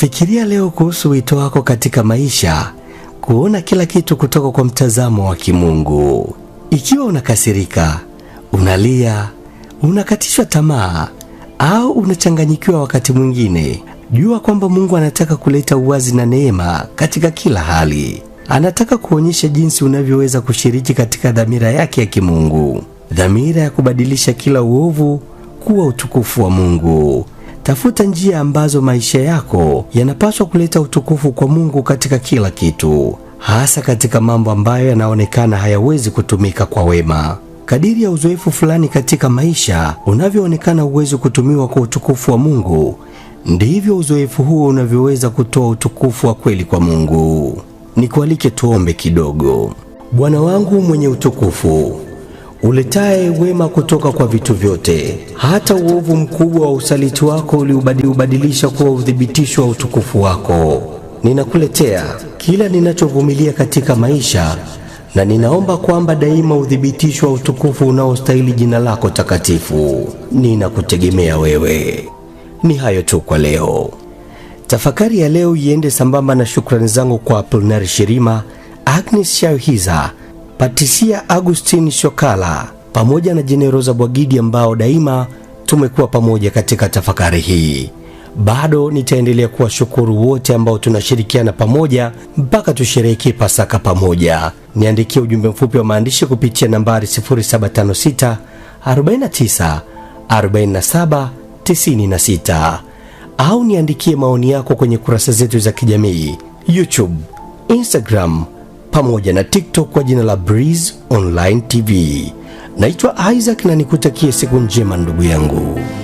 Fikiria leo kuhusu wito wako katika maisha, kuona kila kitu kutoka kwa mtazamo wa kimungu. Ikiwa unakasirika, unalia, unakatishwa tamaa au unachanganyikiwa wakati mwingine, jua kwamba Mungu anataka kuleta uwazi na neema katika kila hali. Anataka kuonyesha jinsi unavyoweza kushiriki katika dhamira yake ya kimungu, dhamira ya kubadilisha kila uovu kuwa utukufu wa Mungu. Tafuta njia ambazo maisha yako yanapaswa kuleta utukufu kwa Mungu katika kila kitu, hasa katika mambo ambayo yanaonekana hayawezi kutumika kwa wema. Kadiri ya uzoefu fulani katika maisha unavyoonekana uwezi kutumiwa kwa utukufu wa Mungu, ndivyo uzoefu huo unavyoweza kutoa utukufu wa kweli kwa Mungu. Nikualike tuombe kidogo. Bwana wangu mwenye utukufu uletaye wema kutoka kwa vitu vyote, hata uovu mkubwa wa usaliti wako uliubadilisha kuwa udhibitisho wa utukufu wako. Ninakuletea kila ninachovumilia katika maisha, na ninaomba kwamba daima udhibitisho wa utukufu unaostahili jina lako takatifu. Ninakutegemea wewe. Ni hayo tu kwa leo. Tafakari ya leo iende sambamba na shukrani zangu kwa Apollinary Shirima, Agnes Shauhiza Patisia agustin Shokala pamoja na Jeneroza Bwagidi ambao daima tumekuwa pamoja katika tafakari hii. Bado nitaendelea kuwashukuru wote ambao tunashirikiana pamoja mpaka tusherehekee Pasaka pamoja. Niandikie ujumbe mfupi wa maandishi kupitia nambari 0756 49 47 96 au niandikie maoni yako kwenye kurasa zetu za kijamii YouTube, Instagram pamoja na TikTok kwa jina la Breeze Online TV. Naitwa Isaac na nikutakie siku njema ndugu yangu.